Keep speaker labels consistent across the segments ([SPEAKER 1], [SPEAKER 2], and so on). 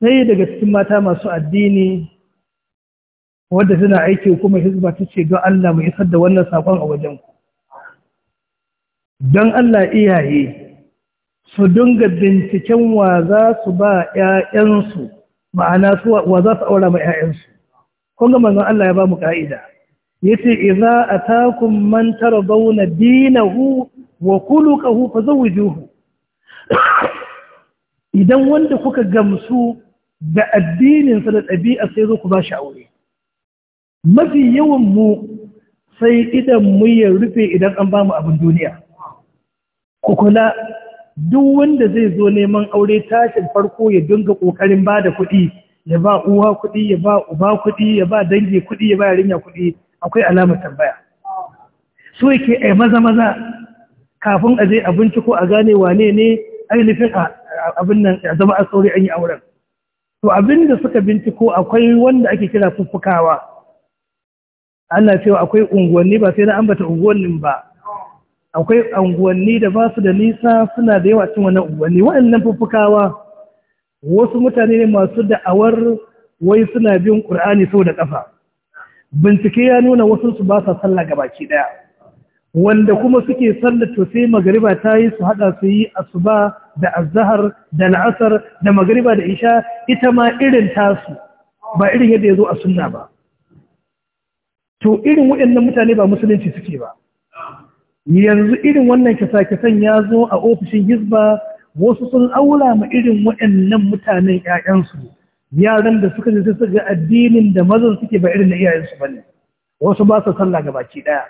[SPEAKER 1] sai daga cikin mata masu addini wadda suna aiki kuma hizba ta ce don Allah mu isar da wannan sakon a wajen ku don Allah iyaye su dinga binciken wa za su ba ‘ya'yansu ma'ana wa za su aura ma ‘ya'yansu kun ga manzon Allah ya ba mu ce, yace a takun mantar zauna dinahu wa kulu khuluquhu juhu. idan wanda kuka gamsu da addininsa da ɗabi'a sai zo ku ba shi aure mafi yawan mu sai idan mu ya rufe idan an ba mu abin duniya ku kula duk wanda zai zo neman aure tashin farko ya dinga kokarin ba da kuɗi ya ba uwa kuɗi ya ba uba kuɗi ya ba dangi kuɗi ya ba yarinya kuɗi akwai alamar tambaya so yake ai maza maza kafin a je abinci ko a gane wane ne ainihin abin nan ya zama a sauri an yi auren to abinda suka binciko akwai wanda ake kira fuffukawa ana cewa akwai unguwanni ba sai na ambata unguwannin ba akwai unguwanni da ba su da nisa suna da yawa cin wannan unguwanni waɗannan fuffukawa wasu mutane ne masu da'awar wai suna bin ƙur'ani sau da ƙafa bincike ya nuna wasu su ba sa sallah gabaki ɗaya wanda kuma suke sallar to sai magariba ta yi su haɗa su yi asuba da Azahar, da La'asar, da magariba da isha ita ma irin tasu ba irin yadda ya zo a sunna ba to irin waɗannan mutane ba musulunci suke ba yanzu irin wannan kisa-kisan ya zo a ofishin hizba wasu sun aura ma irin waɗannan mutanen 'ya'yansu yaran da suka je su ga addinin da mazan suke ba irin na iyayensu bane wasu ba su sallah baki ɗaya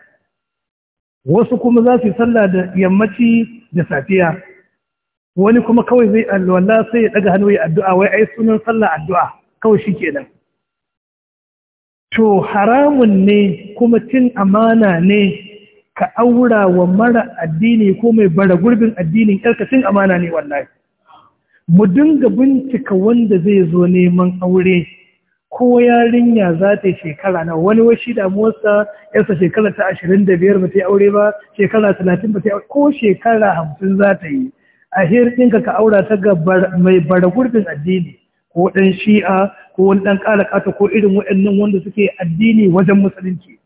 [SPEAKER 1] wasu kuma za su yi sallah da yammaci da safiya wani kuma kawai zai alwala sai ya daga hannu ya addu'a wai ai sunan sallah addu'a kawai shi kenan to haramun ne kuma cin amana ne ka aura wa mara addini ko mai bara gurbin addinin yarka cin amana ne wallahi mu dinga bincika wanda zai zo neman aure ko yarinya za ta yi shekara na wani washi motsa yarsa shekara ta ashirin da biyar ba ta yi aure ba shekara talatin ba ta yi aure ko shekara hamsin za ta yi a hirɗinka ka aura ta ga mai bara gurbin addini ko ɗan shi'a ko wani ɗan kata ko irin waɗannan wanda suke addini wajen musulunci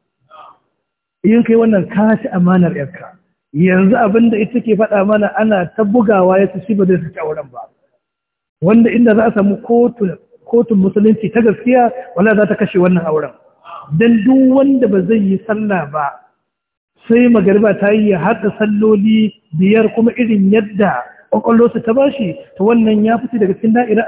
[SPEAKER 1] yin kai wannan kashi amanar yarka yanzu abin da ita ke faɗa mana ana ta bugawa ya ci ba zai ci auren ba wanda inda za a samu kotun kotun musulunci ta gaskiya wala za ta kashe wannan auren don duk wanda ba zai yi sallah ba sai magariba ta yi ya haɗa salloli biyar kuma irin yadda su ta bashi ta wannan ya fi daga cikin da'irar